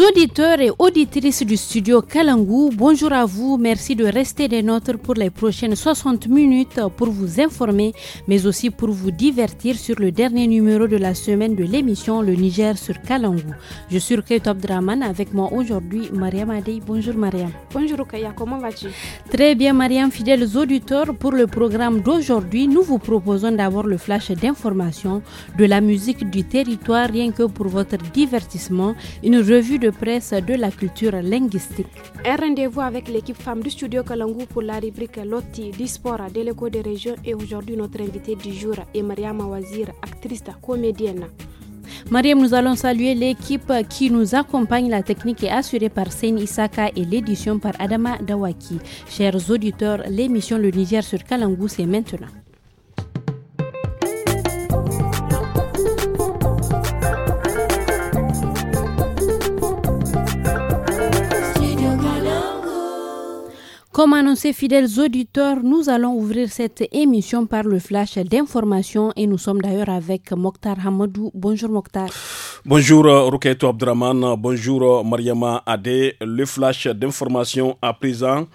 auditeurs et auditrices du studio Kalangou, bonjour à vous. Merci de rester des nôtres pour les prochaines 60 minutes pour vous informer, mais aussi pour vous divertir sur le dernier numéro de la semaine de l'émission Le Niger sur Kalangou. Je suis Rukai Top Draman avec moi aujourd'hui, Mariam Adey. Bonjour Mariam. Bonjour Rukaya, comment vas-tu Très bien Mariam, fidèles auditeurs, pour le programme d'aujourd'hui, nous vous proposons d'abord le flash d'information de la musique du territoire rien que pour votre divertissement, une revue de presse de la culture linguistique. Un rendez-vous avec l'équipe femme du studio Kalangu pour la rubrique Lotti dispora sport de des régions et aujourd'hui notre invitée du jour est Mariam Mawazir, actrice comédienne. Mariam, nous allons saluer l'équipe qui nous accompagne. La technique est assurée par Seine Isaka et l'édition par Adama Dawaki. Chers auditeurs, l'émission Le Niger sur Kalangou, c'est maintenant. Comme annoncé, fidèles auditeurs, nous allons ouvrir cette émission par le flash d'information et nous sommes d'ailleurs avec Mokhtar Hamadou. Bonjour Mokhtar. Bonjour euh, Rukaito Abdraman, bonjour euh, Mariama Ade. Le flash d'information à présent.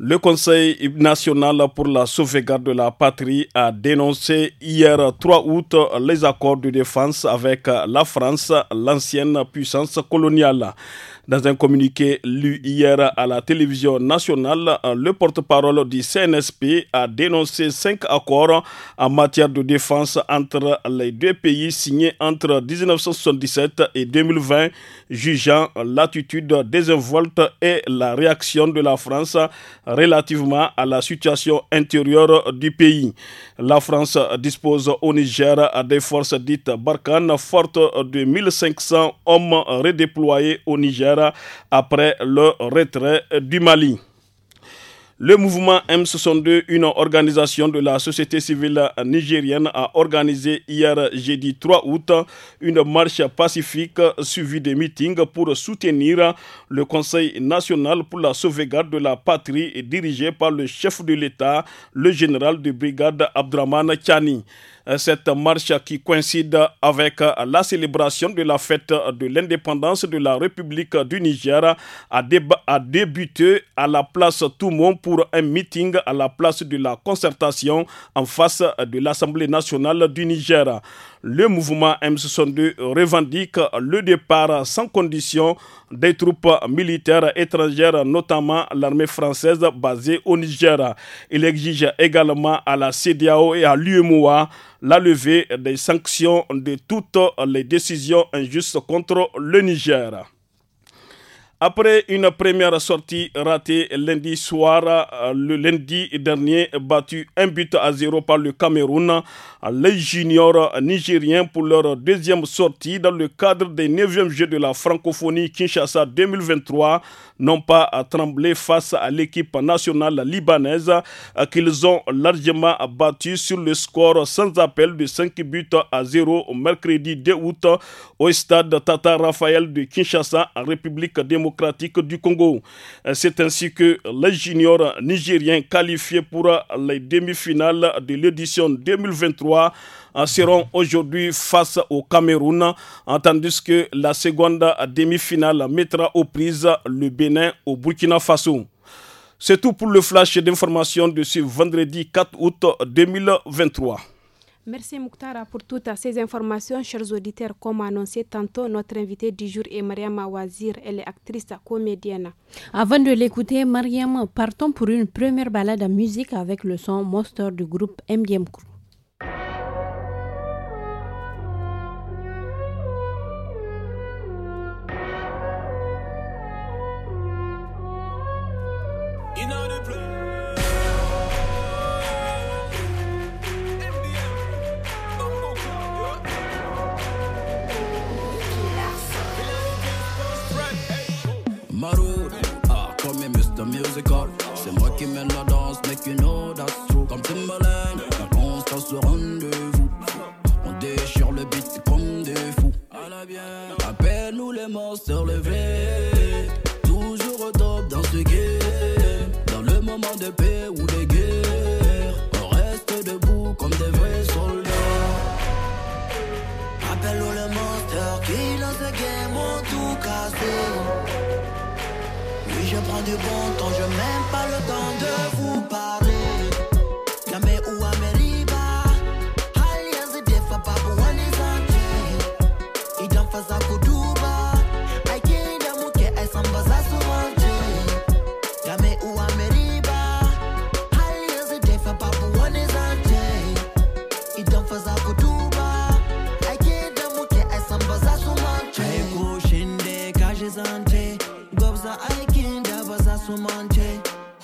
Le Conseil national pour la sauvegarde de la patrie a dénoncé hier 3 août les accords de défense avec la France, l'ancienne puissance coloniale. Dans un communiqué lu hier à la télévision nationale, le porte-parole du CNSP a dénoncé cinq accords en matière de défense entre les deux pays signés entre 1977 et 2020, jugeant l'attitude désinvolte et la réaction de la France relativement à la situation intérieure du pays. La France dispose au Niger des forces dites Barkhane, fortes de 1500 hommes redéployés au Niger après le retrait du Mali. Le mouvement M62, une organisation de la société civile nigérienne, a organisé hier jeudi 3 août une marche pacifique suivie de meetings pour soutenir le Conseil national pour la sauvegarde de la patrie dirigé par le chef de l'État, le général de brigade Abdraman Chani. Euh, cette marche qui coïncide avec euh, la célébration de la fête de l'indépendance de la République du Niger a, débuté à la place Toumon pour un meeting à la place de la concertation en face de l'Assemblée nationale du Niger le mouvement M62 revendique le départ sans condition des troupes militaires étrangères, notamment l'armée française basée au Niger. Il exige également à la CDAO et à l'UMOA la levée des sanctions de toutes les décisions injustes contre le Niger. Après une première sortie ratée lundi soir, euh, le lundi dernier, battu un but à zéro par le Cameroun, les juniors nigériens pour leur deuxième sortie dans le cadre des 9e Jeux de la francophonie Kinshasa 2023 n'ont pas à trembler face à l'équipe nationale libanaise qu'ils ont largement battue sur le score sans appel de 5 buts à 0 au mercredi 2 août au stade Tata Raphaël de Kinshasa en République démocratique du Congo. C'est ainsi que les juniors nigériens qualifiés pour les demi-finales de l'édition 2023 en euh, seront aujourd'hui face au Cameroun, euh, tandis que la seconde demi-finale mettra aux prises le Bénin au Burkina Faso. C'est tout pour le flash d'information de ce vendredi 4 août 2023. Merci Mouktara pour toutes ces informations, chers auditeurs. Comme annoncé tantôt, notre invitée du jour est Mariam Awazir. Elle est actrice comédienne. Avant de l'écouter, Mariam, partons pour une première balade à musique avec le son Monster du groupe MDM Crew. monster levé Toujours au top dans ce game. Dans le moment de paix ou de guerre, on reste debout comme des vrais soldats. rappelle le monster qui lance le game ont tout cassé. Oui, je prends du bon temps, je même pas le temps de vous parler. Aliens, des Ils sous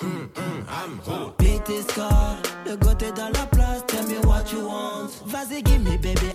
I'm Beat is car, le goût dans la place, tell me what you want. Vas-y, give me baby,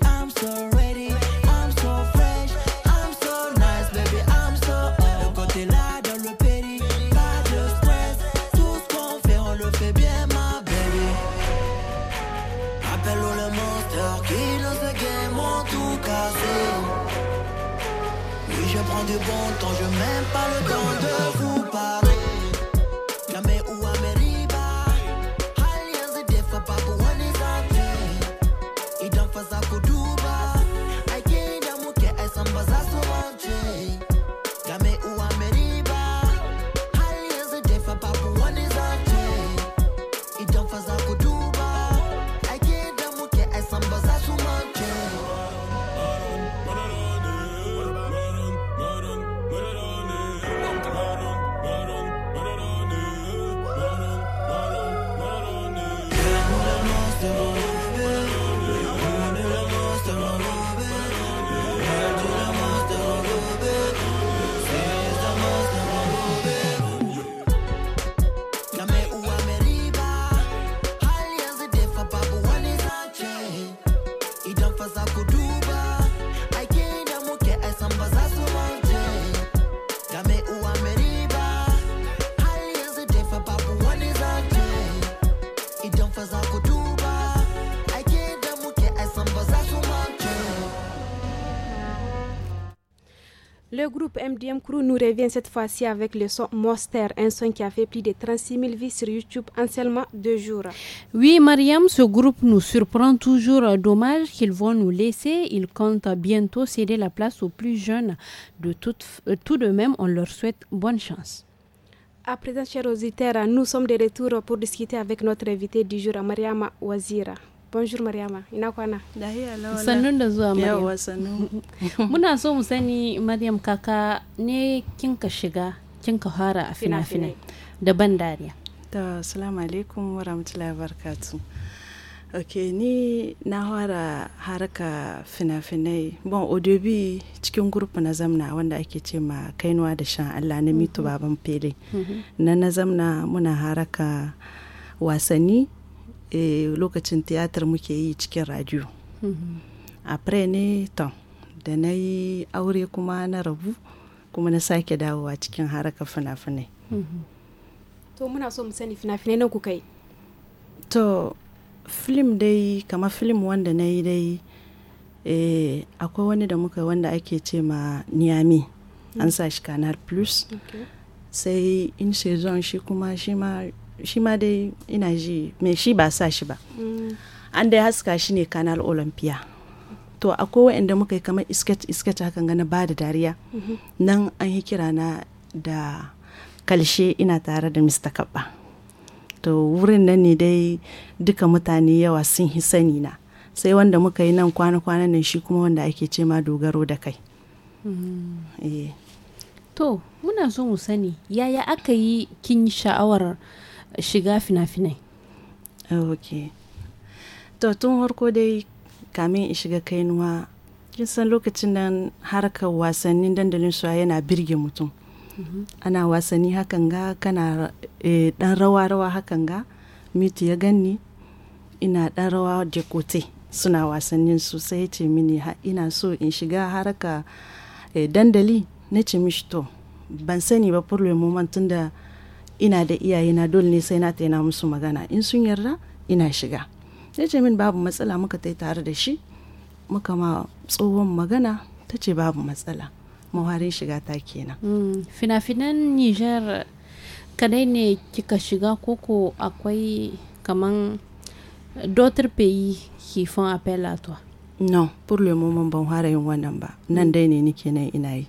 Le groupe MDM Crew nous revient cette fois-ci avec le son Monster, un son qui a fait plus de 36 000 vues sur YouTube en seulement deux jours. Oui, Mariam, ce groupe nous surprend toujours. Dommage qu'ils vont nous laisser. Ils comptent bientôt céder la place aux plus jeunes. De tout, euh, tout de même, on leur souhaite bonne chance. À présent, chers auditeurs, nous sommes de retour pour discuter avec notre invité du jour, Mariama Wazira. Bonjour Mariama, Muna so mu sani Mariam kaka ne kinka shiga, kinka fara a fina-finai daban dariya. Da salamu alaikum wa rahmatullahi wa barakatuh. ok ni na fara haraka fina-finai bon odobi cikin gurupu na zamna wanda ake ce ma kainuwa da shan allah na mitu mhm. baban fele mhm. na na zamna muna haraka wasanni e, lokacin tiyatar muke yi cikin radio mhm. a ne tom da na yi aure kuma na rabu kuma na sake dawowa cikin haraka fina-finai to muna so mu sani fina-finai na kuka to film dai kamar film wanda na yi dai eh, akwai wani da muka wanda ake ce ma niyami mm. an sa shi kanar plus sai in saison shi kuma shi ma dai ina ji mai shi ba sa shi ba mm. an dai haska shi ne kanal olympia to akwai wa'anda muka yi kamar isket isket hakan gana ba da dariya mm-hmm. nan an yi kira na da kalshe ina tare da mr kabba to wurin nan ne dai duka mutane yawa sun hi sani na sai wanda muka yi nan kwana-kwana nan shi kuma wanda ake ce ma dogaro da kai mm. eh. to muna so mu sani yaya aka yi kin sha'awar shiga fina-finai ok to tun harko dai kamin in shiga kainuwa kin san lokacin nan harkar wasannin dandalin suwa yana birge mutum ana wasanni hakan ga kana dan eh, rawa-rawa hakan ga miti ya ganni ina dan rawa kote suna wasannin su sai ce mini ina so in shiga haraka eh, dandali na ce mishi to ban sani ba furle moment da ina da iyayena dole ne sai na taina musu magana in sun yarda ina shiga ya ce min babu matsala muka tai tare da shi muka ma tsohon magana ta ce babu matsala muharin shiga ta kenan hmm. fina-finan niger kadai ne kika shiga koko akwai kaman d'autres pays qui font appel à toi non pour le moment ban fara yin wannan ba nan dai ne nike nan ina yi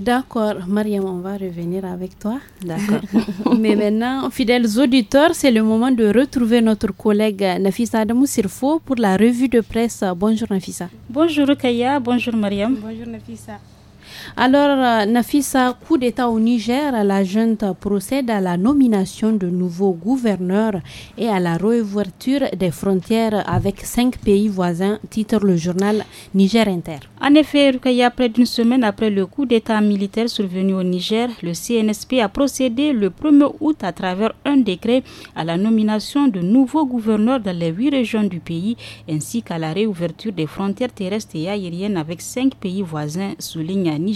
D'accord, Mariam, on va revenir avec toi. D'accord. Mais maintenant, fidèles auditeurs, c'est le moment de retrouver notre collègue Nafisa Adamou Sirfo pour la revue de presse. Bonjour Nafisa. Bonjour Kaya, bonjour Mariam. Bonjour Nafisa. Alors, euh, Nafisa, coup d'État au Niger, la junte procède à la nomination de nouveaux gouverneurs et à la réouverture des frontières avec cinq pays voisins, titre le journal Niger Inter. En effet, il y a près d'une semaine après le coup d'État militaire survenu au Niger, le CNSP a procédé le 1er août à travers un décret à la nomination de nouveaux gouverneurs dans les huit régions du pays, ainsi qu'à la réouverture des frontières terrestres et aériennes avec cinq pays voisins, souligne Niger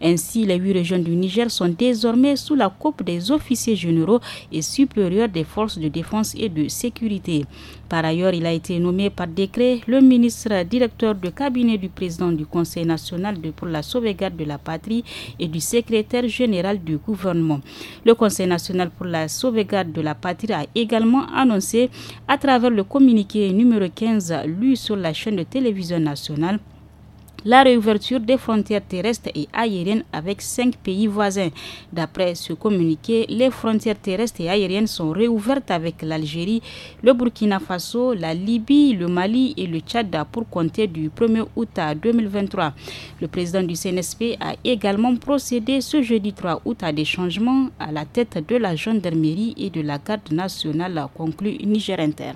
ainsi, les huit régions du Niger sont désormais sous la coupe des officiers généraux et supérieurs des forces de défense et de sécurité. Par ailleurs, il a été nommé par décret le ministre directeur de cabinet du président du Conseil national pour la sauvegarde de la patrie et du secrétaire général du gouvernement. Le Conseil national pour la sauvegarde de la patrie a également annoncé à travers le communiqué numéro 15 lu sur la chaîne de télévision nationale la réouverture des frontières terrestres et aériennes avec cinq pays voisins. D'après ce communiqué, les frontières terrestres et aériennes sont réouvertes avec l'Algérie, le Burkina Faso, la Libye, le Mali et le Tchad pour compter du 1er août 2023. Le président du CNSP a également procédé ce jeudi 3 août à des changements à la tête de la gendarmerie et de la garde nationale, conclut Niger Inter.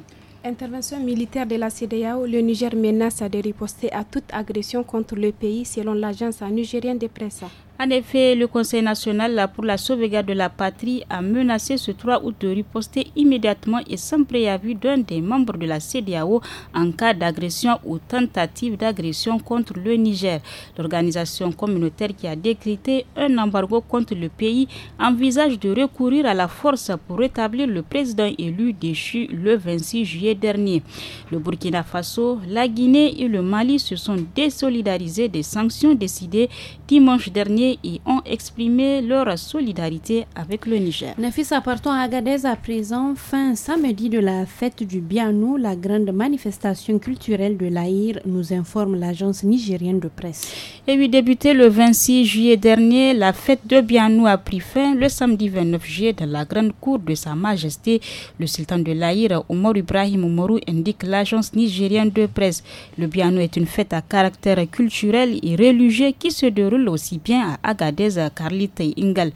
Intervention militaire de la CDAO, le Niger menace de riposter à toute agression contre le pays selon l'agence nigérienne de presse. En effet, le Conseil national pour la sauvegarde de la patrie a menacé ce 3 août de riposter immédiatement et sans préavis d'un des membres de la CDAO en cas d'agression ou tentative d'agression contre le Niger. L'organisation communautaire qui a décrété un embargo contre le pays envisage de recourir à la force pour rétablir le président élu déchu le 26 juillet dernier. Le Burkina Faso, la Guinée et le Mali se sont désolidarisés des sanctions décidées dimanche dernier et ont exprimé leur solidarité avec le Niger. fils partons à Agadez à présent. Fin samedi de la fête du Bianou, la grande manifestation culturelle de l'Aïr, nous informe l'agence nigérienne de presse. Et oui, débutée le 26 juillet dernier, la fête de Bianou a pris fin le samedi 29 juillet dans la grande cour de Sa Majesté, le sultan de l'Aïr, Omar Ibrahim Omarou, indique l'agence nigérienne de presse. Le Bianou est une fête à caractère culturel et religieux qui se déroule aussi bien à Agadez, Carlite et Ingal.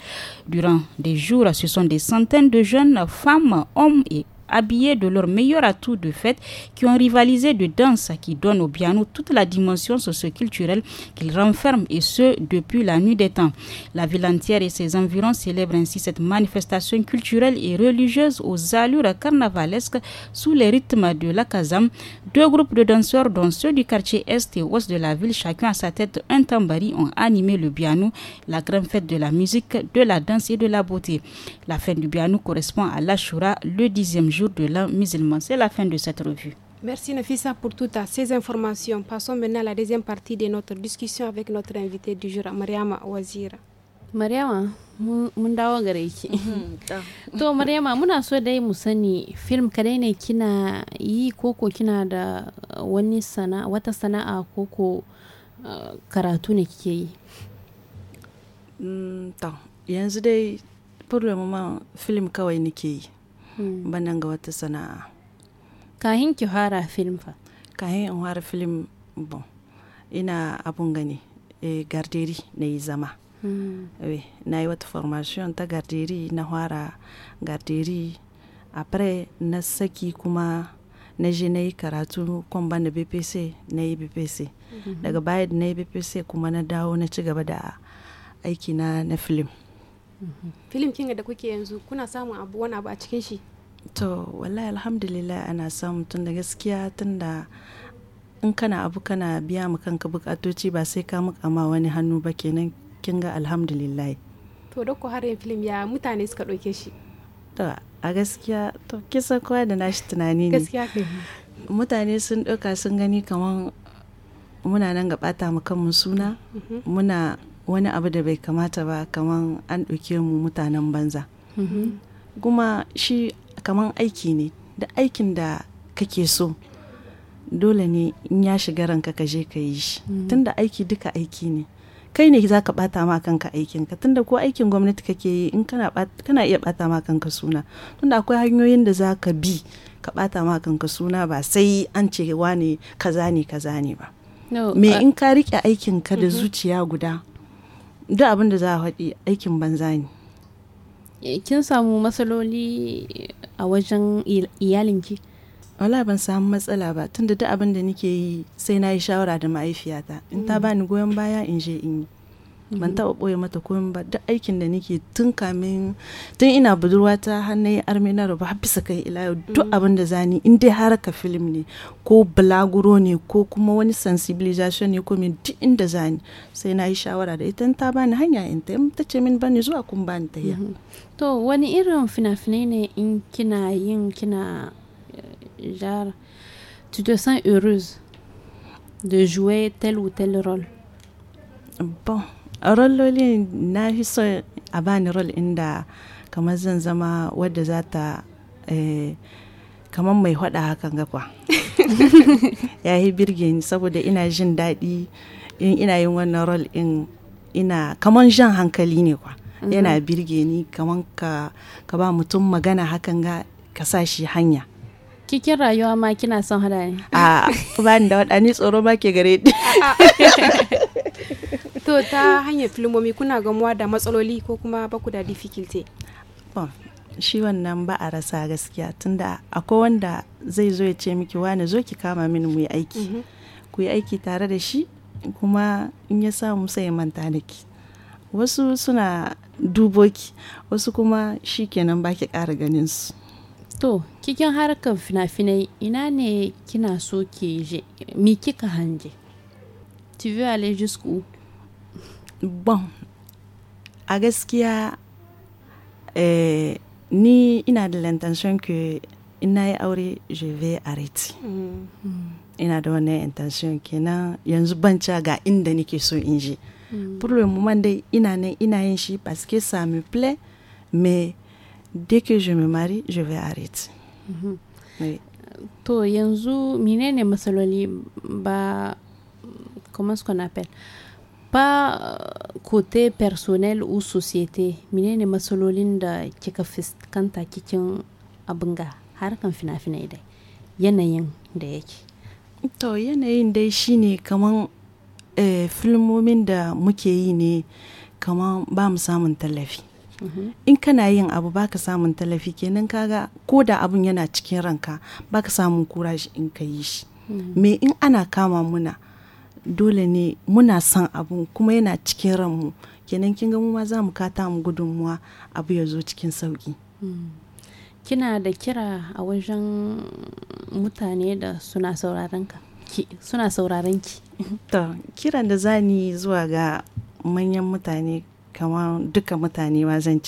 Durant des jours, ce sont des centaines de jeunes femmes, hommes et habillés de leurs meilleurs atouts de fête, qui ont rivalisé de danse, qui donne au piano toute la dimension socio-culturelle qu'il renferme, et ce, depuis la nuit des temps. La ville entière et ses environs célèbrent ainsi cette manifestation culturelle et religieuse aux allures carnavalesques sous les rythmes de la Kazam. Deux groupes de danseurs, dont ceux du quartier Est et Ouest de la ville, chacun à sa tête un tambari, ont animé le piano, la grande fête de la musique, de la danse et de la beauté. La fête du piano correspond à l'Ashura, le dixième jour jour de l'an musulman. C'est la fin de cette revue. Merci Nafisa pour toutes ces informations. Passons maintenant à la deuxième partie de notre discussion avec notre invité du jour, Mariama Wazira. Mariama, mun dawo gare ki. Mhm, to Mariama muna so dai mu sani film kadai ne kina yi koko kina da wani sana'a wata sana'a koko uh, karatu ne kike yi. Mm, to yanzu dai pour le moment film kawai nake yi. Hmm. banan ga wata sana'a kahin ki fara film fa kahin in fara film bon ina abun gani e, garderi na yi zama mm. na yi wata formation ta garderi na fara garderi apre na saki kuma na je na yi karatu kwamba na bpc na yi bpc hmm. daga baya na yi bpc kuma na dawo na ci gaba da aiki na na film filin kinga da kuke yanzu kuna samun abu wani abu a cikin shi to wallahi alhamdulillah ana samun tun da gaskiya tun da in kana abu kana biya mu kanka bukatoci ba sai ka muka ma wani hannu ba kenan kinga alhamdulillah to da ku har film ya mutane suka doke shi to a gaskiya to kisa kowa da nashi tunani ne gaskiya mutane sun doka sun gani kamar muna nan ga ɓata mu kanmu suna mhm. muna wani abu da bai kamata ba kamar an ɗauke mu mutanen banza mm-hmm. kuma shi kamar aiki ne da aikin da kake so dole ne in ya shiga ranka ka je ka yi shi mm-hmm. tunda aiki duka aiki ne kai ne za ka bata ma kanka aikin ka tunda ko aikin gwamnati kake yi in kana iya bata ma kanka suna tunda akwai hanyoyin da za ka bi ka bata ma kanka suna ba sai an ce wane kaza ne kaza ne ba me in ka rike aikin ka da mm-hmm. zuciya guda duk abin da za a faɗi aikin banza ne eh, kin samu matsaloli a wajen iyalinki wala ban samu matsala ba tunda duk abin da nake yi sai na yi shawara da mahaifiyata in ta mm. bani goyon baya in je in yi ban mhm. taɓa ɓoye mata komai ba duk aikin da nake tun kamin tun ina budurwa ta hannayi armina da ba bisa kai ila yau duk mhm. abin da zani in dai haraka film ne ko bulaguro ne ko kuma wani sensibilization ne ko min duk inda zani sai na yi shawara da ita ta bani hanya in ta ta ce min bani zuwa kun bani ta ya. Mhm. to wani irin fina-finai ne in kina yin kina eh, genre tu te sens heureuse de jouer tel ou tel rôle a rollolin na fi so a bani rol inda kamar zan zama wadda za ta eh, kamar mai hada hakan gakwa ya yi birge ni saboda ina jin daɗi in ina yin wannan rol in ina kamar jan hankali ne kwa mhm. yana birge ni kamar ka, ka ba mutum magana hakan ga ka sa shi hanya Kikin rayuwa ma kina son hada ne? A ah, bani da waɗani tsoro ma ke gare ni. To ta hanyar filmomi kuna gamuwa da matsaloli ko kuma baku da difficulty? shi wannan ba a rasa gaskiya tunda akwai wanda zai zo ya ce miki wani zo ki kama mini mu yi aiki mm-hmm. ku yi aiki tare da shi kuma in ya samu sai ya manta da ki wasu suna duboki wasu kuma shi kenan ba ki ƙara ganin su to cikin harkar fina-finai ina ne kina so ki je mi kika hanje tu veux aller jusqu'où bon a gaskiya eh, ni ina da l'intention que ina yi aure je vais arrêter mm. mm. ina da wannan intention kenan yanzu banca ga inda nake so in je mm. pour le moment dai ina nan ina yin shi parce que ça me plaît mais dès que je me marie, je vais arrêter. Mm oui. To yanzu menene matsaloli ba comment ce qu'on appelle pas euh, côté personnel ou société Minene ne da kika kanta kikin abunga har kan fina fina dai yanayin da yake to yanayin dai shine kaman eh, filmomin da muke yi ne kaman ba mu in kana yin abu baka samun tallafi kenan kaga ko da abun yana cikin ranka baka samun kurashi in ka yi shi me in ana kama muna dole ne muna son abun kuma yana cikin ranmu kenan kin ga mu ma za mu kata mu gudunmuwa abu ya zo cikin sauki kina da kira a wajen mutane da suna sauraron ka ki suna sauraron ki to kiran da zani zuwa ga manyan mutane kamar duka mutane ma zan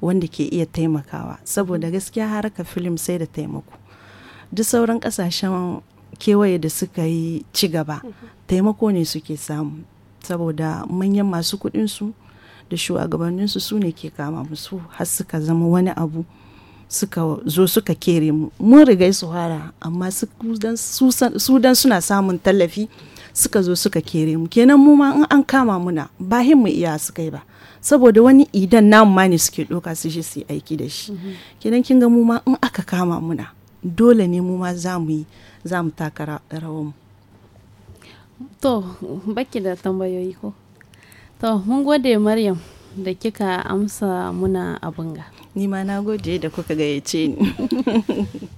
wanda ke iya taimakawa saboda mm-hmm. gaskiya haraka filim sai da taimako duk sauran kasashen kewaye da suka yi ci gaba mm-hmm. taimako ne suke samu saboda manyan masu kuɗinsu da shugabanninsu su ne ke kama musu har suka zama wani abu suka zo suka kere mu mun riga su hara amma su dan suna samun tallafi suka zo suka kere mu kenan mu ma in an kama muna ba mu iya su kai ba saboda wani idan namu ma ne suke doka su je su aiki da shi mhm. kenan kin ga mu ma in aka kama muna dole ne mu ma za mu yi za mu taka rawar mu to baki da tambayoyi ko to mun gode maryam da kika amsa muna abunga. ni ma na gode da kuka gayyace ni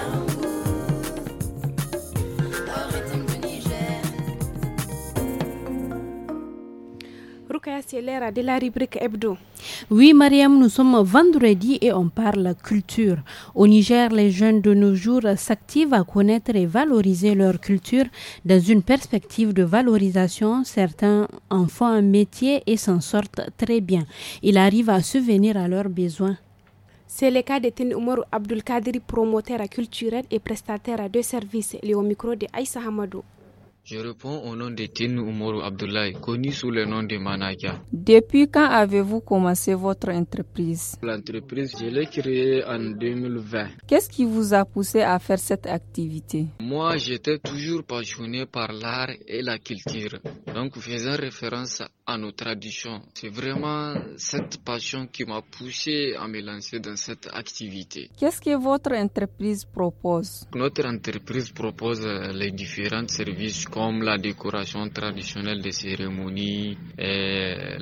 de la rubrique Oui, Mariam, nous sommes vendredi et on parle culture. Au Niger, les jeunes de nos jours s'activent à connaître et valoriser leur culture dans une perspective de valorisation. Certains en font un métier et s'en sortent très bien. Ils arrivent à souvenir à leurs besoins. C'est le cas de Tin Abdul Abdulkadri, promoteur culturel et prestataire de services, lié micro de Aïssa Hamadou. Je réponds au nom de Tine Umoru Abdoulaye, connu sous le nom de Manaka. Depuis quand avez-vous commencé votre entreprise L'entreprise, je l'ai créée en 2020. Qu'est-ce qui vous a poussé à faire cette activité Moi, j'étais toujours passionné par l'art et la culture. Donc, faisant référence à nos traditions, c'est vraiment cette passion qui m'a poussé à me lancer dans cette activité. Qu'est-ce que votre entreprise propose Notre entreprise propose euh, les différents services comme la décoration traditionnelle des cérémonies,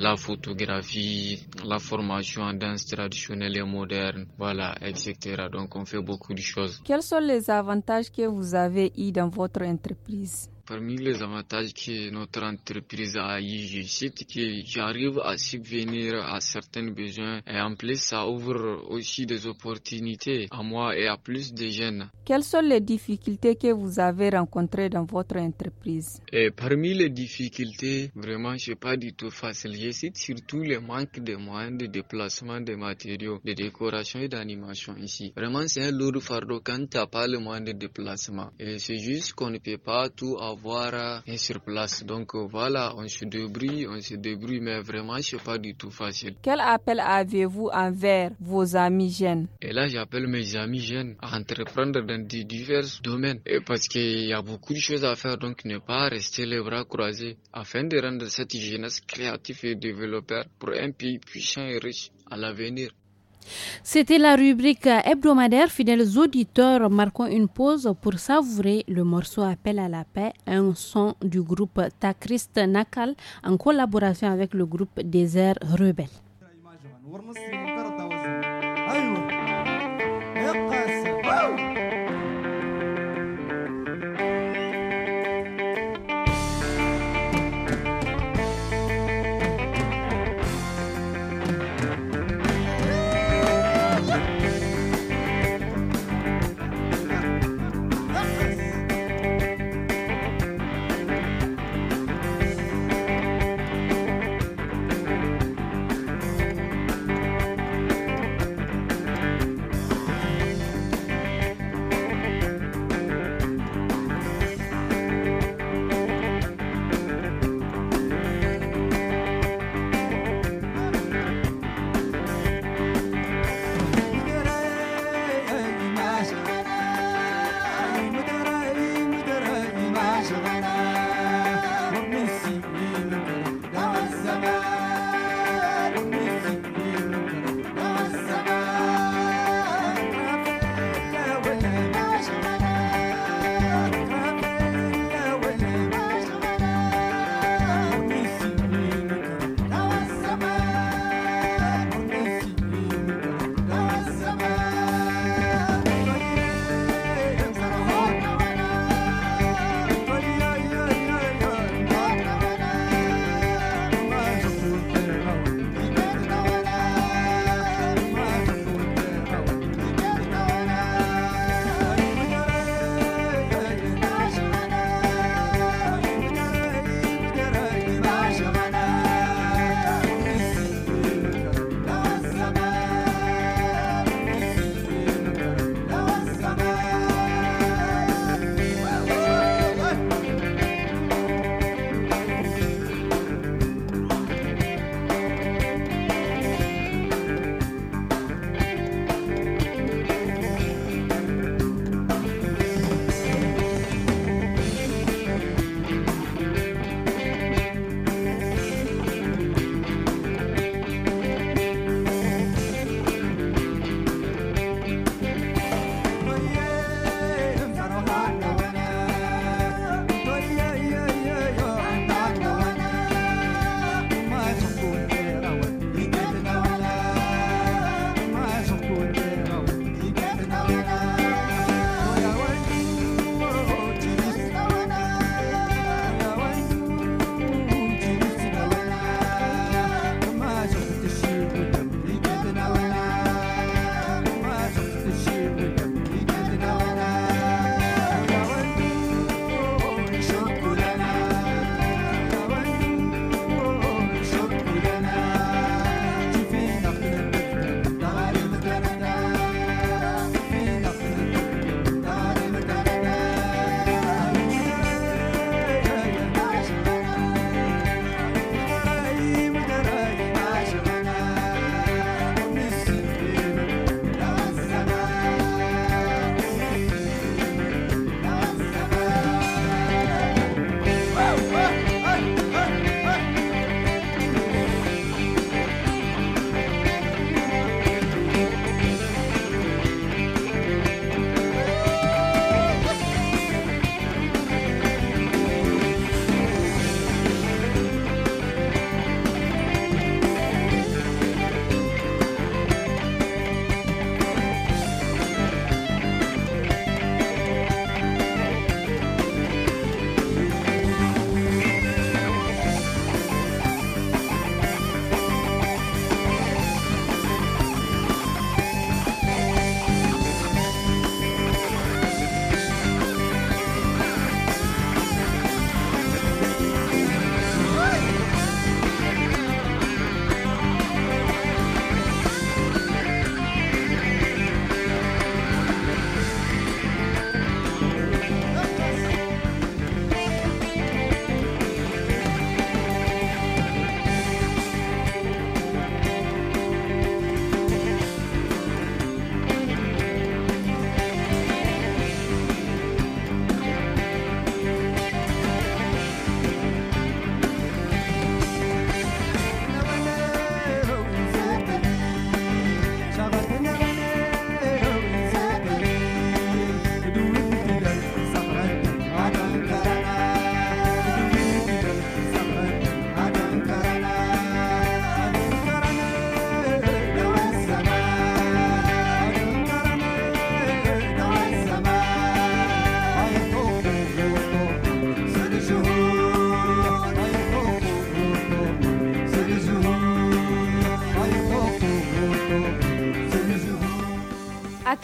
la photographie, la formation en danse traditionnelle et moderne, voilà, etc. Donc on fait beaucoup de choses. Quels sont les avantages que vous avez eus dans votre entreprise Parmi les avantages que notre entreprise a eu, je cite que j'arrive à subvenir à certains besoins et en plus ça ouvre aussi des opportunités à moi et à plus de jeunes. Quelles sont les difficultés que vous avez rencontrées dans votre entreprise et Parmi les difficultés, vraiment, je pas du tout facile. Je cite surtout le manque de moyens de déplacement de matériaux, de décoration et d'animation ici. Vraiment, c'est un lourd fardeau quand tu n'as pas le moyen de déplacement. Et c'est juste qu'on ne peut pas tout avoir avoir un place. Donc euh, voilà, on se débrouille, on se débrouille, mais vraiment, n'est pas du tout facile. Quel appel avez-vous envers vos amis jeunes Et là, j'appelle mes amis jeunes à entreprendre dans divers domaines. Et parce qu'il y a beaucoup de choses à faire, donc ne pas rester les bras croisés afin de rendre cette jeunesse créative et développeur pour un pays puissant et riche à l'avenir. C'était la rubrique hebdomadaire Fidèles auditeurs. marquant une pause pour savourer le morceau Appel à la paix, un son du groupe Takrist Nakal en collaboration avec le groupe Désert Rebelle.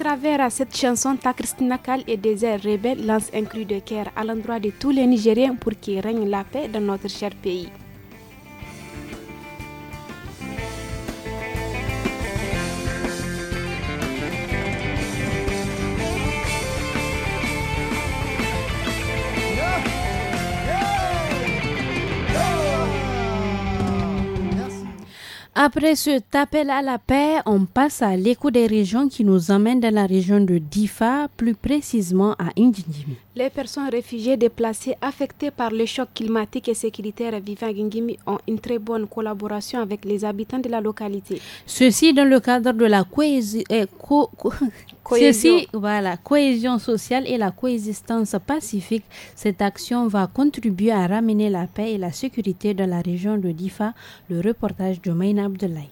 travers cette chanson, ta Christina et des airs rebelles lancent un cri de cœur à l'endroit de tous les Nigériens pour qu'il règne la paix dans notre cher pays. Après cet appel à la paix, on passe à l'écho des régions qui nous emmène dans la région de Difa, plus précisément à Indjimi. Les personnes réfugiées déplacées affectées par le choc climatique et sécuritaire vivant à Gingimi ont une très bonne collaboration avec les habitants de la localité. Ceci dans le cadre de la euh, cohésion, sociale et la coexistence pacifique. Cette action va contribuer à ramener la paix et la sécurité dans la région de Difa. Le reportage de Maïna a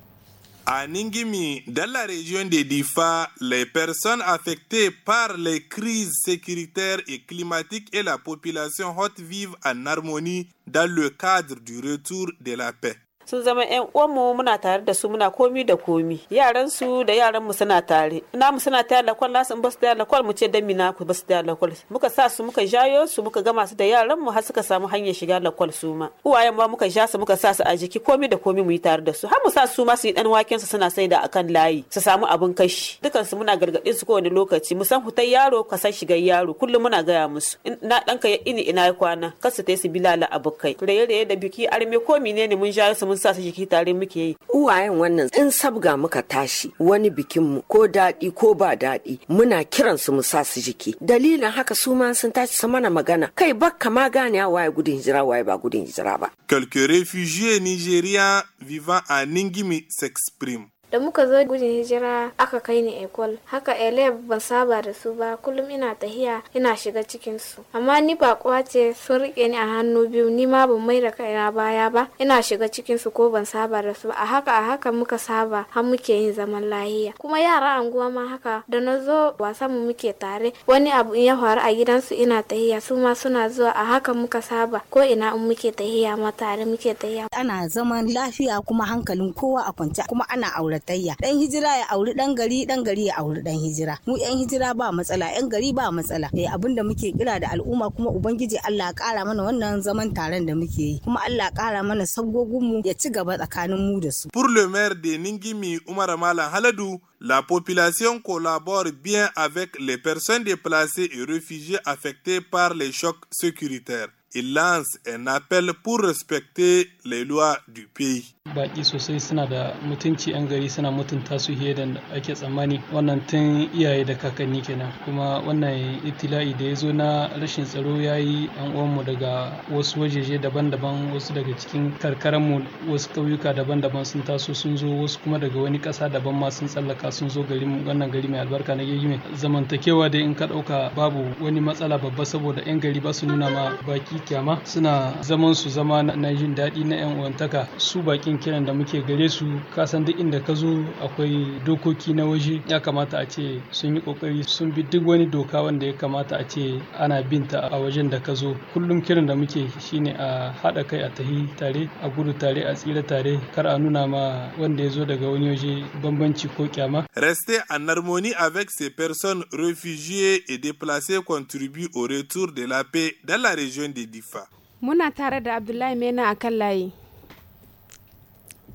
À Ningimi, dans la région de Difa, les personnes affectées par les crises sécuritaires et climatiques et la population haute vivent en harmonie dans le cadre du retour de la paix. sun zama yan uwanmu muna tare da su muna komi da komi yaran su da yaran mu suna tare ina mu suna tare lakwal nasu in basu da lakwal mu ce dan mina ku basu da lakwal muka sa su muka jayo su muka gama su da yaran mu har suka samu hanyar shiga lakwal su ma uwayen ma muka ja su muka sa su a jiki komi da komi mu yi tare da su har mu sa su ma su yi dan waken su suna da akan layi su samu abin kashi dukan su muna gargadin su kowane lokaci mu san hutar yaro ka san shigar yaro kullum muna gaya musu na danka ya ini ina kwana kasu su tai su bilala abukai raye-raye da biki arme komi ne ne mun jayo su mun sa su jiki tare muke yi uwayen wannan in sabga muka tashi wani bikin mu ko daɗi ko ba daɗi muna kiran su mu sa su jiki dalilin haka su ma sun tashi su mana magana kai bakka ma gane waye gudun hijira waye ba gudun hijira ba quelques réfugiés nigériens vivant à Ningimi s'expriment da muka zo gudun hijira aka kai ni ekol haka eleb ban saba da su ba kullum ina tahiya ina shiga cikin su amma ni ba ce sun rike ni a hannu biyu ni ma ban mai da kaina baya ba ina shiga cikin su ko ban saba da su ba a haka a haka muka saba har muke yin zaman lahiya kuma yara anguwa ma haka da na zo wasan mu muke tare wani abu in ya faru a gidansu ina tahiya su ma suna zuwa a haka muka saba ko ina in muke tahiya ma tare muke tahiya ana zaman lafiya kuma hankalin kowa a kwance kuma ana aure auratayya dan hijira ya auri dan gari dan gari ya auri dan hijira mu yan hijira ba matsala yan gari ba matsala eh abin da muke kira da al'umma kuma ubangiji Allah kara mana wannan zaman taron da muke yi kuma Allah kara mana sabgogin ya ci gaba tsakanin mu da su pour le maire de Ningimi Umar Malam Haladu La population collabore bien avec les personnes déplacées et réfugiées affectées par les chocs sécuritaires. il lance un appel pour respecter les lois du pays. Baki sosai suna da mutunci 'yan gari suna mutunta su hiyar da ake tsammani wannan tun iyaye da kakanni kenan kuma wannan itila'i da ya zo na rashin tsaro ya yi an uwanmu daga wasu wajeje daban-daban wasu daga cikin karkaranmu wasu ƙauyuka daban-daban sun taso sun zo wasu kuma daga wani ƙasa daban ma sun tsallaka sun zo garin wannan gari mai albarka na gegime zamantakewa dai in ka ɗauka babu wani matsala babba saboda 'yan gari ba su nuna ma baki kyama suna zaman su zama na jin daɗi na 'yan uwantaka su bakin kiran da muke gare su kasan duk inda ka zo akwai dokoki na waje ya kamata a ce sun yi kokari sun bi duk wani doka wanda ya kamata a ce ana binta a wajen da ka zo kullum kiran da muke shine a haɗa kai a tahi tare a gudu tare a tsira tare kar a nuna ma wanda ya zo daga wani waje bambanci ko kyama. Rester en harmonie avec ces personnes réfugiées et déplacées contribue au retour de la paix dans la région de difa muna tare da abdullahi mena a kan layi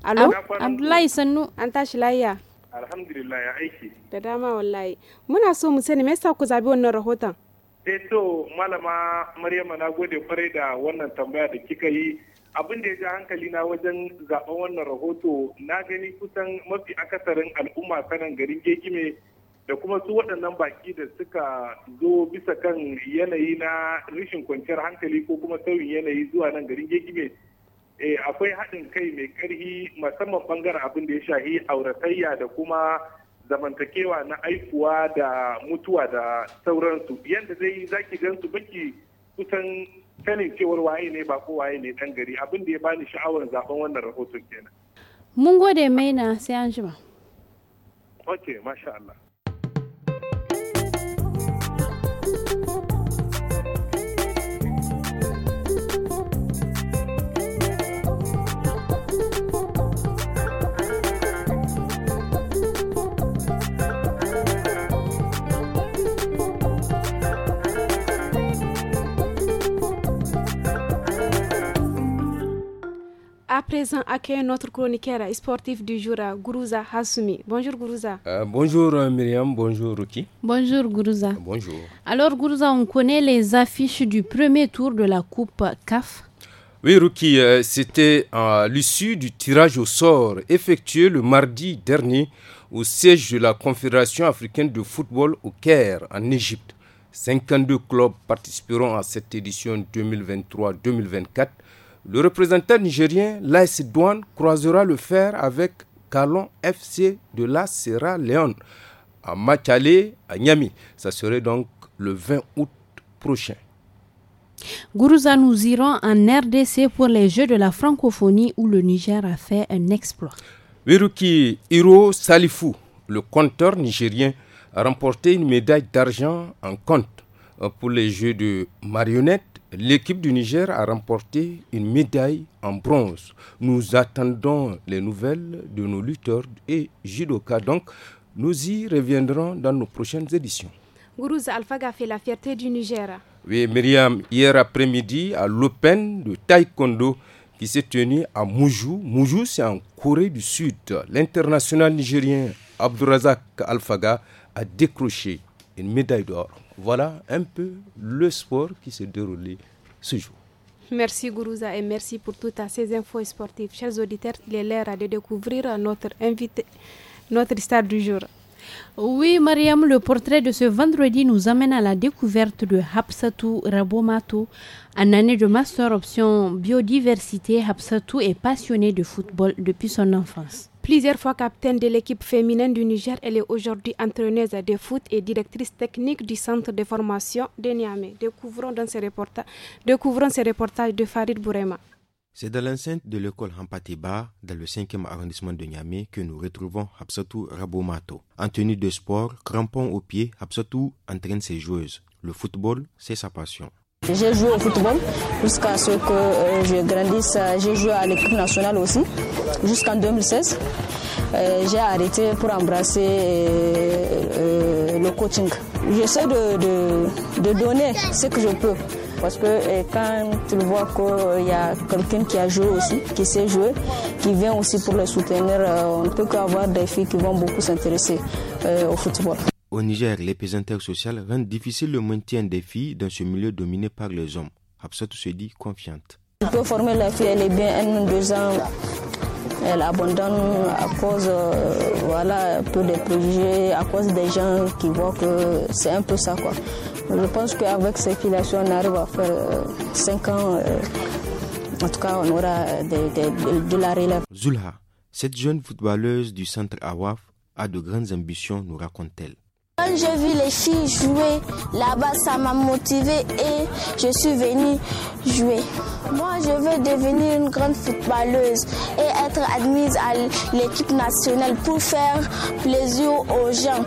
alo abdullahi sannu an tashi layiya alhamdulillah ya aiki da dama wallahi muna so mu sani me yasa ku zabi wannan rahoton eh to malama maryama na gode kwarai da wannan tambaya da kika yi abin da ya ja hankali na wajen zaɓen wannan rahoto na gani kusan mafi akasarin al'umma kanan garin gegime da kuma su waɗannan baki da suka zo bisa kan yanayi na rashin kwanciyar hankali ko kuma sauyin yanayi zuwa nan garin gegime eh, akwai haɗin kai mai ƙarfi musamman bangaren abin da ya shahi auratayya da kuma zamantakewa na aikuwa da mutuwa da sauransu yadda dai zaki gansu baki kusan sanin cewar waye ne ba ko waye ne ɗan gari abin da ya bani sha'awar zaben wannan rahoton kenan. Mun gode maina sai an jima. Ok, masha Allah. à présent accueillir notre chroniqueur sportif du jour, Gourouza Hassoumi. Bonjour Gourouza. Euh, bonjour euh, Myriam, bonjour Ruki. Bonjour Gourouza. Bonjour. Alors Gourouza, on connaît les affiches du premier tour de la Coupe CAF. Oui, Ruki, euh, c'était à l'issue du tirage au sort effectué le mardi dernier au siège de la Confédération africaine de football au Caire, en Égypte. 52 clubs participeront à cette édition 2023-2024 le représentant nigérien, Laïs Douane, croisera le fer avec Calon FC de la Sierra Leone à Machale, à Niami. Ça serait donc le 20 août prochain. Gourouza, nous irons en RDC pour les Jeux de la francophonie où le Niger a fait un exploit. Viruki Hiro Salifu, le compteur nigérien, a remporté une médaille d'argent en compte euh, pour les Jeux de marionnettes L'équipe du Niger a remporté une médaille en bronze. Nous attendons les nouvelles de nos lutteurs et judokas. Donc, nous y reviendrons dans nos prochaines éditions. Gourouz Alfaga fait la fierté du Niger. Oui, Myriam, hier après-midi, à l'Open de Taekwondo qui s'est tenu à Moujou. Moujou, c'est en Corée du Sud. L'international nigérien Abdurazak Alfaga a décroché une médaille d'or. Voilà un peu le sport qui s'est déroulé ce jour. Merci Gourouza et merci pour toutes ces infos sportives. Chers auditeurs, il est l'heure de découvrir notre invité, notre star du jour. Oui, Mariam, le portrait de ce vendredi nous amène à la découverte de Hapsatou Rabomato. En année de master option biodiversité, Hapsatou est passionné de football depuis son enfance. Plusieurs fois capitaine de l'équipe féminine du Niger, elle est aujourd'hui entraîneuse de foot et directrice technique du centre de formation de Niamey. Découvrons dans ce reportage, de Farid Bourema. C'est dans l'enceinte de l'école Hampatiba, dans le 5e arrondissement de Niamey, que nous retrouvons Absatou Rabomato. En tenue de sport, crampon aux pieds, Hapsatou entraîne ses joueuses. Le football, c'est sa passion. J'ai joué au football jusqu'à ce que euh, je grandisse. J'ai joué à l'équipe nationale aussi jusqu'en 2016. Euh, j'ai arrêté pour embrasser euh, le coaching. J'essaie de, donner ce que je peux. Parce que quand tu vois qu'il y a quelqu'un qui a joué aussi, qui sait jouer, qui vient aussi pour le soutenir, on ne peut qu'avoir des filles qui vont beaucoup s'intéresser au football. Au Niger, les pesanteurs sociales rendent difficile le maintien des filles dans ce milieu dominé par les hommes. Absatou se dit confiante. On peut former la fille, elle est bien, ou deux ans, elle abandonne à cause euh, voilà, peu des préjugés, à cause des gens qui voient que c'est un peu ça. Quoi. Je pense qu'avec ces filles-là, on arrive à faire euh, cinq ans. Euh, en tout cas, on aura de, de la relève. Zulha, cette jeune footballeuse du centre Awaf a de grandes ambitions, nous raconte-t-elle. Quand j'ai vu les filles jouer là-bas, ça m'a motivé et je suis venue jouer. Moi, je veux devenir une grande footballeuse et être admise à l'équipe nationale pour faire plaisir aux gens.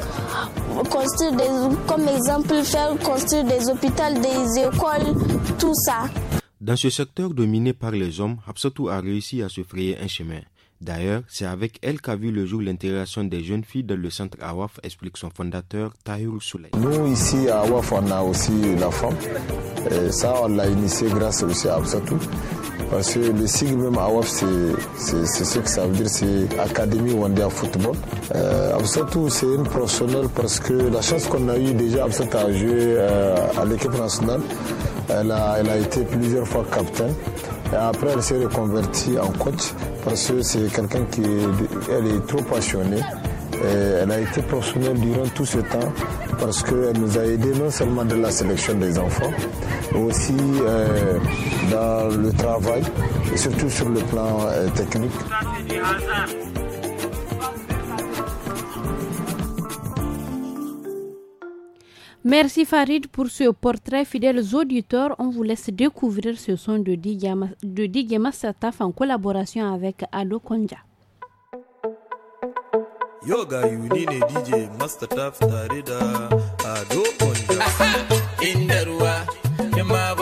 Construire des, comme exemple, faire construire des hôpitaux, des écoles, tout ça. Dans ce secteur dominé par les hommes, Hapsatou a réussi à se frayer un chemin. D'ailleurs, c'est avec elle qu'a vu le jour l'intégration des jeunes filles dans le centre AWAF, explique son fondateur Tahir Souley. Nous, ici à AWAF, on a aussi la femme. Et ça, on l'a initié grâce aussi à Absatou. Parce que le signe même AWAF, c'est ce que ça veut dire, c'est Académie Wandia Football. Euh, Absatou, c'est une professionnelle parce que la chance qu'on a eue déjà, Absatou à jouer euh, à l'équipe nationale. Elle elle a été plusieurs fois capitaine. Après, elle s'est reconvertie en coach parce que c'est quelqu'un qui est, trop passionnée. elle a été professionnelle durant tout ce temps parce qu'elle nous a aidés non seulement dans la sélection des enfants, mais aussi euh, dans le travail, et surtout sur le plan euh, technique. Merci Farid pour ce portrait. Fidèles auditeurs, on vous laisse découvrir ce son de Master Taf en collaboration avec Ado Konja. DJ Ado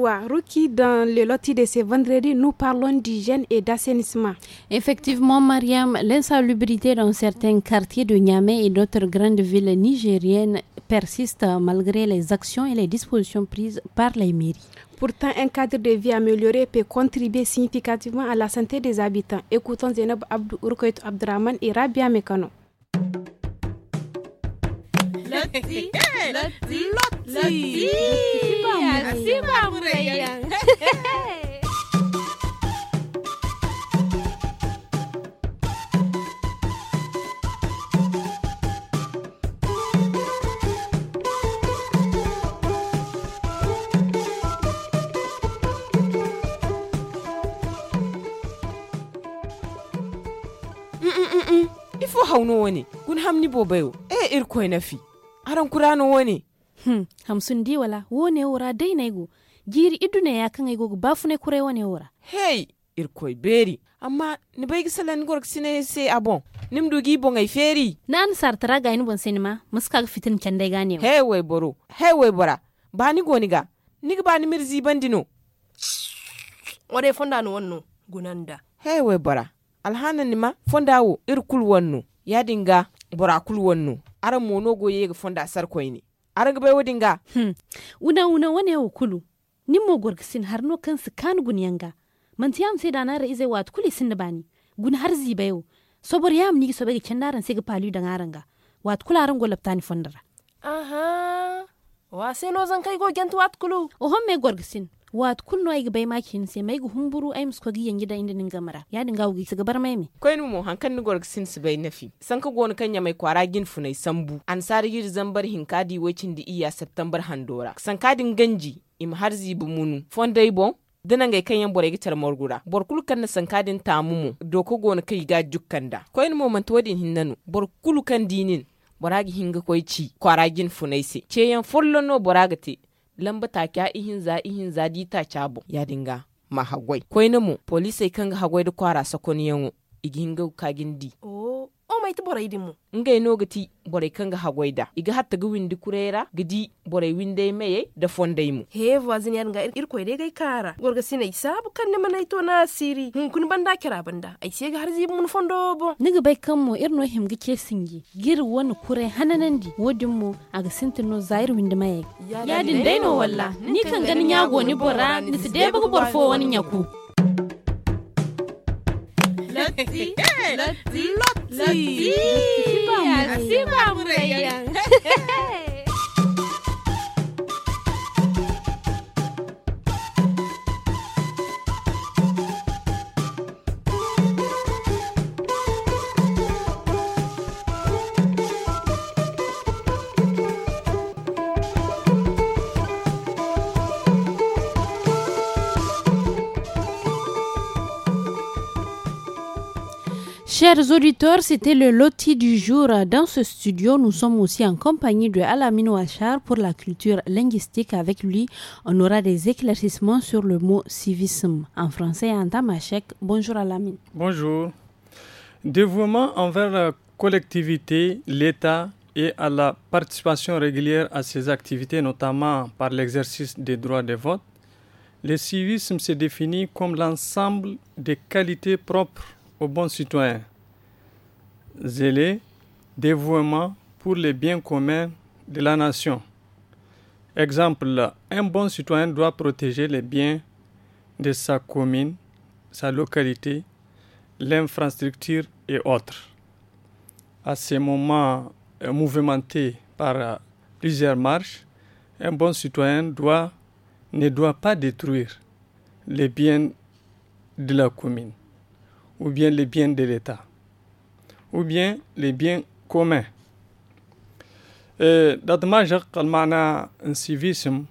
Rouki Ruki, dans le loti de ce vendredi, nous parlons d'hygiène et d'assainissement. Effectivement, Mariam, l'insalubrité dans certains quartiers de Niamey et d'autres grandes villes nigériennes persiste malgré les actions et les dispositions prises par les mairies. Pourtant, un cadre de vie amélioré peut contribuer significativement à la santé des habitants. Écoutons Zainab Abdou Abdraman et Rabia Mekano. لطي لطي لطي سيبا مريان ifo haunowani gun hamni bobayo e irkoy nafi aran kurano woni hmm hamsun wala wone wora dai na giri iduna ya kan igu bafune kure wone hey irkoi beri amma ni bai gi sine se abon nim du gi bongay feri nan sartara ga bon sinima muska fitin can hey we boro hey we bora bani ni goni ga ni ga mirzi bandino ore fonda no wonno gunanda hey we bora nima fonda wo irkul wonno yadinga bora kulwon no ara mono go yega fonda sar koyni ara ga hmm. una una wane wo kulu nimmo har no kansu kan gunyanga mantiyam sai dana ra wat kuli sin bani gun har zi bayo sobor yam ni sobe ga sai palu da ngaranga wat fondara aha wa sai kai go gentu wat kulu o wat kunno ay gabay makin se may guhumburu ay musko gi yangida inda ninga mara ya dinga wugi su gabar mai me. koy nu mo hankan ni gorg sin su bai nafi Sanka gon kan ya mai kwara gin funai sambu an sari zambar hinkadi wacin di iya september handora san ganji im harzi munu fondai bon dana ngai kan yan borai gitar morgura borkulu kan sankadin tamumu doko gon kai ga jukkanda koyin mo man todin hinnanu borkulu kan dinin boragi hinga koy ci kwaragin funaise ce yan follo no lamba ta kya ihin za ihin za di ta ya dinga ma hagwai koy mu. police kan hagwai da kwara sakoni yanwo iginga kagindi oh omaiti borai dimu ngeno giti borai kanga hagoida iga hatagi windi kurera gidi borai winde meye da fondeimu he voisin yarnga ir koyde gay kara gorga sina isabu kanne mana ito na siri hun kun banda kera banda ai siga harzi mun fondobo niga bay kammo irno him gi kesingi gir won kure hananandi wodimu aga sintino zair winde maye yadin dayno walla ni kan ganin yago ni bora ni tede bugo borfo wani nyaku Let's c'est let's c'est Chers auditeurs, c'était le loti du jour. Dans ce studio, nous sommes aussi en compagnie de Alamino Ouachar pour la culture linguistique. Avec lui, on aura des éclaircissements sur le mot civisme en français en tamashek. Bonjour Alamine. Bonjour. Dévouement envers la collectivité, l'État et à la participation régulière à ses activités, notamment par l'exercice des droits de vote, le civisme se définit comme l'ensemble des qualités propres au bon citoyen, zélé, dévouement pour les biens communs de la nation. Exemple, un bon citoyen doit protéger les biens de sa commune, sa localité, l'infrastructure et autres. À ce moment, mouvementé par plusieurs marches, un bon citoyen ne doit pas détruire les biens de la commune. ou bien les biens de l'État, ou bien les biens communs. دضماج قال معنا انسيفيسم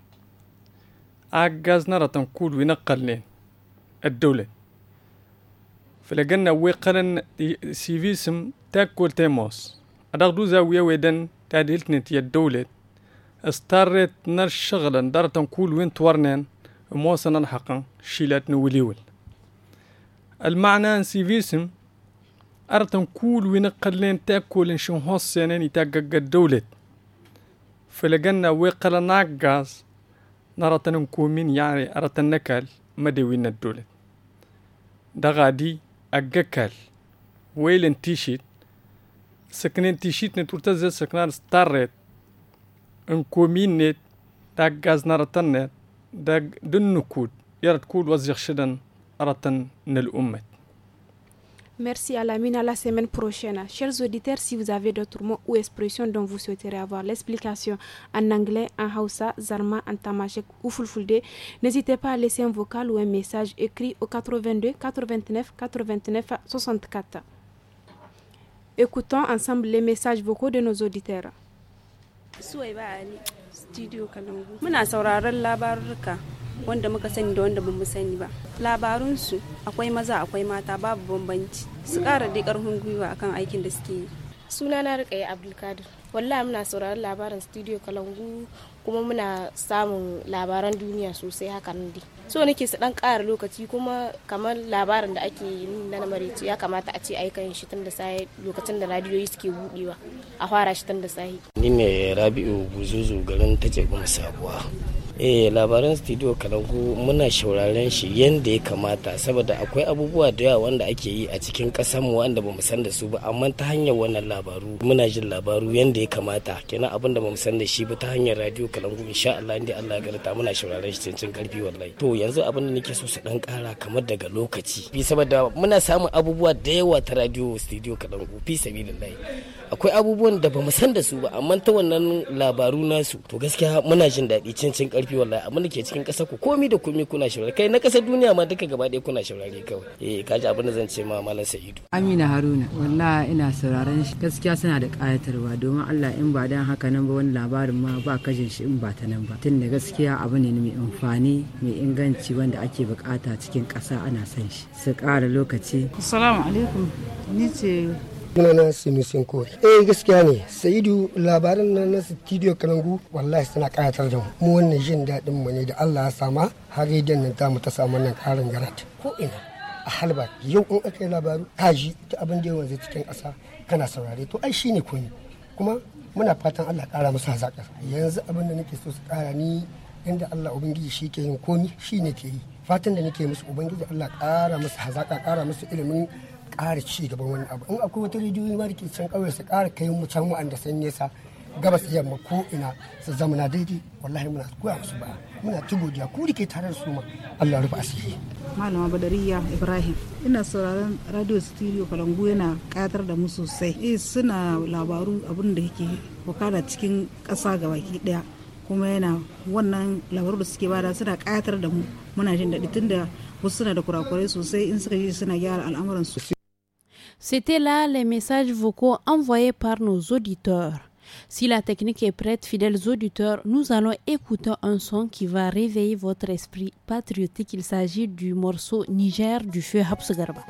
عجزنا رتنقول وينقل لين الدولة فلقنا ويقلن سيفيسم تاكل تيموس أدغدو زاوية ويدن تعديلتنا تي الدولة استارت نر شغلا دار تنقول وين تورنين موسنا حقا شيلات نوليول المعنى سي فيسم أرتم كول وينقلين تاكل شن هوسينين تاقق الدولة فلقنا ويقل ناقاز نرتن نكومين يعني أرتن نكال وين الدولة دغادي أقكال ويلن تيشيت سكنين تيشيت نتورتزل سكنان ستارت نكومين نت تاقاز نرتن نت دنكود يرتكود وزيخ شدن Merci à la Merci à la semaine prochaine. Chers auditeurs, si vous avez d'autres mots ou expressions dont vous souhaiterez avoir l'explication en anglais, en hausa, zarma, en tamashek ou fulfulde, n'hésitez pas à laisser un vocal ou un message écrit au 82 89 89 64. Écoutons ensemble les messages vocaux de nos auditeurs. studio wanda muka sani da wanda bamu sani ba labarunsu akwai maza akwai mata babu bambanci su kara dai karfin gwiwa akan aikin da suke yi suna na rikaye abdulkadir wallahi muna sauraron labaran studio kalangu kuma muna samun labaran duniya sosai haka nan dai so nake su dan kara lokaci kuma kamar labarin da ake yi na maraice ya kamata a ce aikan shi tun da sai lokacin da radiyoyi suke budewa a fara shi tun da sai ni ne rabi'u buzuzu garin tace kuma sabuwa eh labaran studio kalangu muna shauraren shi yadda ya kamata saboda akwai abubuwa da yawa wanda ake yi a cikin ƙasar mu wanda bamu san da su ba amma ta hanyar wannan labaru muna jin labaru yadda ya kamata kenan abin da bamu san da shi ba ta hanyar radio kalangu insha Allah inda Allah ya garanta muna shauraren shi cincin karfi wallahi to yanzu abin da nake so su dan kara kamar daga lokaci bi saboda muna samun abubuwa da yawa ta radio studio kalangu fi sabilillahi akwai abubuwan da bamu san da su ba amma ta wannan labaru nasu to gaskiya muna jin daɗi cincin karfi tafi wallahi da ke cikin ƙasar ku komi da komi kuna shaurare kai na ƙasar duniya ma duka gaba ɗaya kuna shaurare kawai eh kaji abin da zan ce ma malam sa'idu amina haruna wallahi ina sauraron shi gaskiya suna da ƙayatarwa domin allah in ba dan haka nan ba wani labarin ma ba kajin shi in ba ta nan ba tun da gaskiya abu ne mai amfani mai inganci wanda ake bukata cikin ƙasa ana son shi su ƙara lokaci assalamu alaikum ni ce na simisin kore eh gaskiya ne sa'idu labarin nan na studio kanangu wallahi suna karatar da mu mu wannan jin daɗin mu ne da Allah ya sama har rediyon nan tamu ta samu nan karin garat ko ina a halba yau in aka yi labaru kaji ta abin da yawan zai cikin ƙasa kana saurare to ai shine komi kuma muna fatan Allah kara musu hazaƙa yanzu abin da nake so su kara ni inda Allah ubangiji shi ke yin komi shine ke yi fatan da nake musu ubangiji Allah kara musu hazaƙa kara musu ilimin ƙara ci gaban wani abu in akwai wata rediyoyi ma ke can ƙauye su ƙara kai mu can wa'anda san nesa gabas yamma ko ina su zama na daidai wallahi muna koya musu ba muna ci godiya ko da ke tare da su ma Allah rufe asiri malama badariya ibrahim ina sauraron radio studio kalangu yana katar da mu sosai eh suna labaru abin da yake wakana cikin ƙasa baki daya kuma yana wannan labaru da suke bada suna kayatar da mu muna jin daɗi tunda wasu suna da kurakurai sosai in suka ji suna gyara al'amuran C'était là les messages vocaux envoyés par nos auditeurs. Si la technique est prête, fidèles auditeurs, nous allons écouter un son qui va réveiller votre esprit patriotique. Il s'agit du morceau Niger du feu Habsgarba.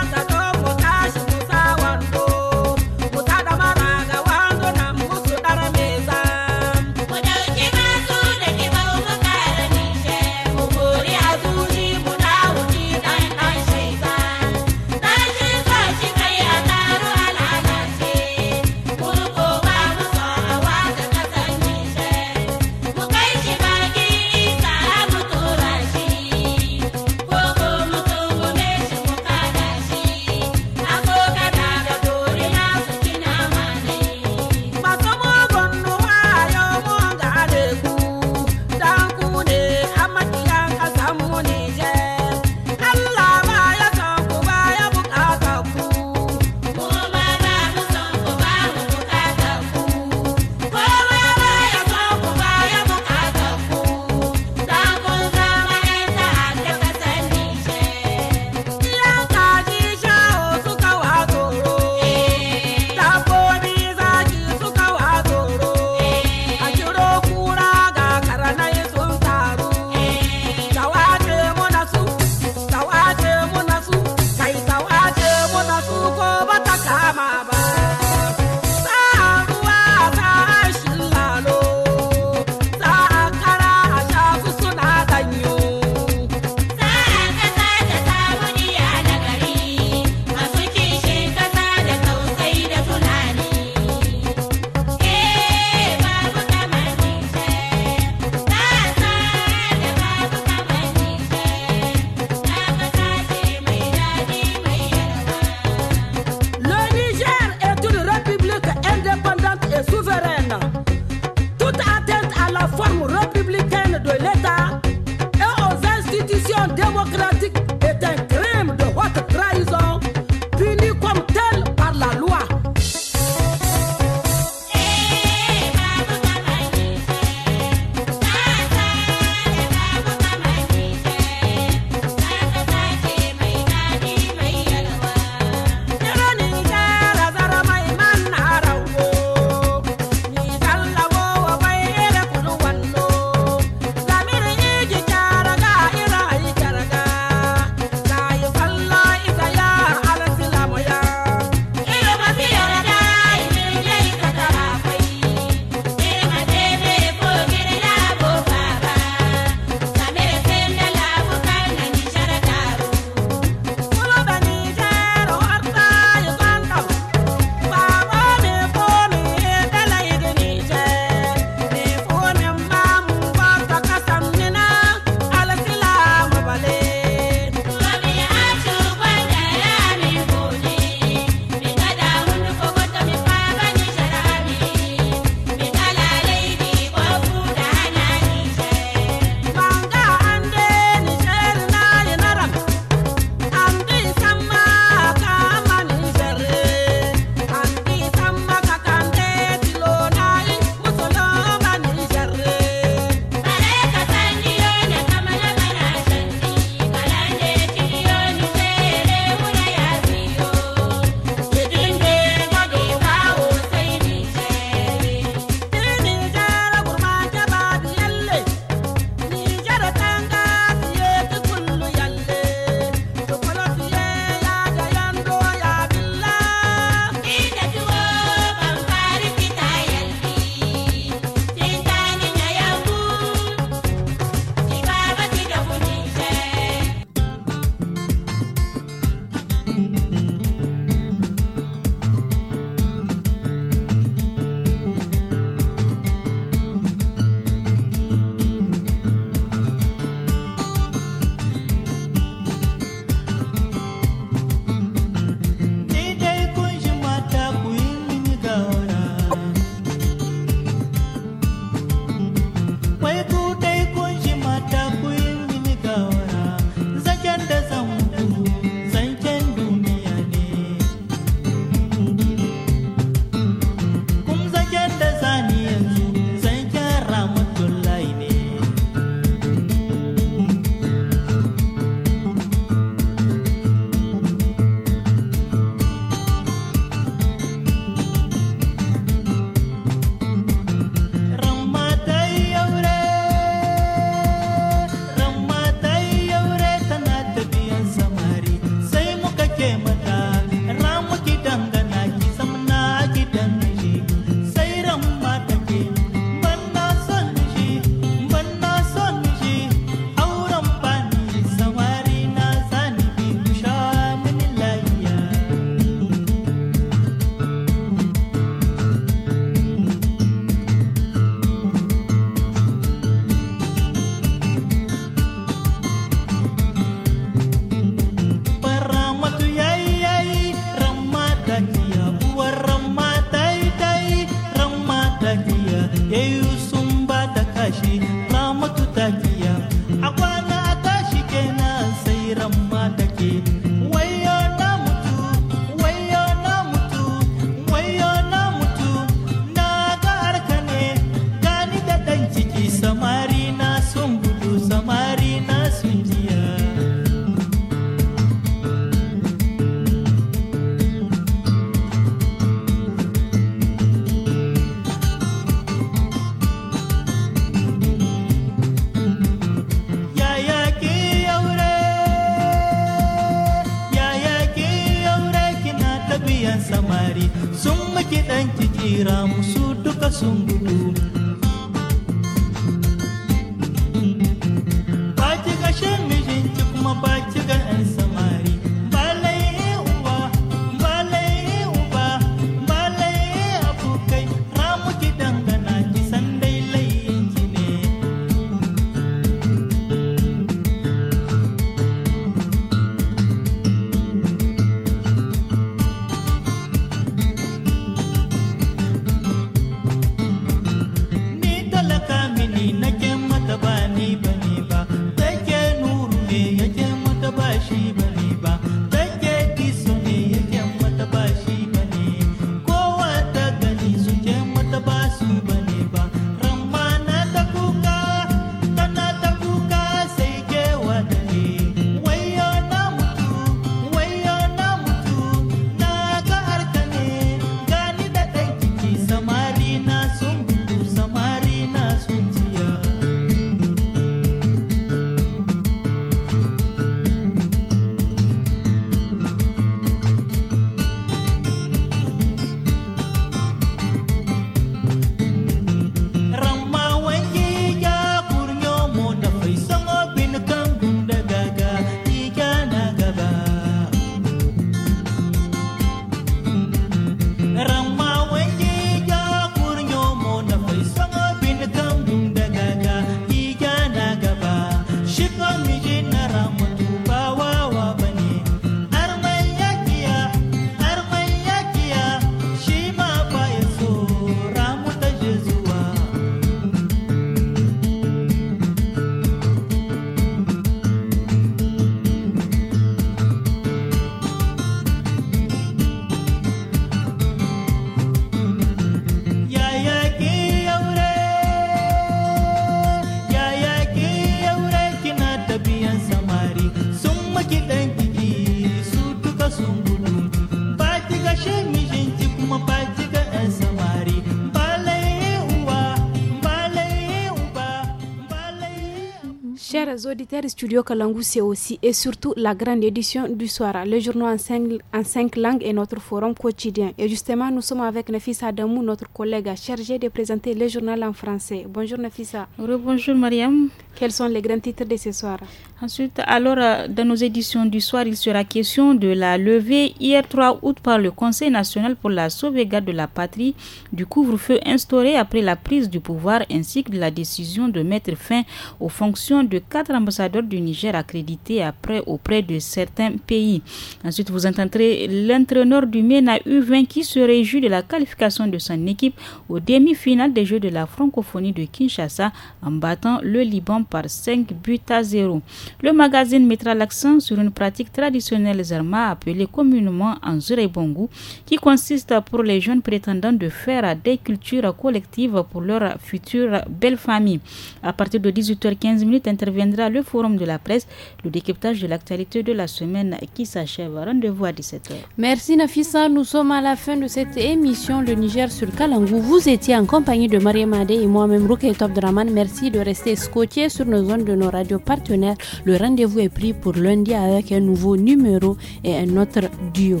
so hebdomadaire Studio Kalangu, c'est aussi et surtout la grande édition du soir, le journal en cinq, en langues et notre forum quotidien. Et justement, nous sommes avec Nafisa Adamou, notre collègue chargée de présenter le journal en français. Bonjour Nafisa. Bonjour Mariam. Quels sont les grands titres de ce soir Ensuite, alors, euh, dans nos éditions du soir, il sera question de la levée hier 3 août par le Conseil national pour la sauvegarde de la patrie du couvre-feu instauré après la prise du pouvoir ainsi que de la décision de mettre fin aux fonctions de quatre ambassadeurs du Niger accrédité après auprès de certains pays. Ensuite, vous entendrez l'entraîneur du MENA U20 qui se réjouit de la qualification de son équipe au demi-finale des Jeux de la francophonie de Kinshasa en battant le Liban par 5 buts à 0. Le magazine mettra l'accent sur une pratique traditionnelle Zerma appelée communément en Zurebongo qui consiste pour les jeunes prétendants de faire des cultures collectives pour leur future belle famille. À partir de 18h15, interviendra le Forum de la presse, le décryptage de l'actualité de la semaine qui s'achève. Rendez-vous à 17h. Merci Nafissa. Nous sommes à la fin de cette émission Le Niger sur Kalangou. Vous étiez en compagnie de Marie Madé et moi-même et Top Draman. Merci de rester scotché sur nos zones de nos radios partenaires. Le rendez-vous est pris pour lundi avec un nouveau numéro et un autre duo.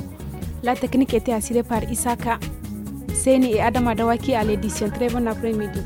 La technique était assurée par Isaka Seni et Adam Adawaki à l'édition. Très bon après-midi.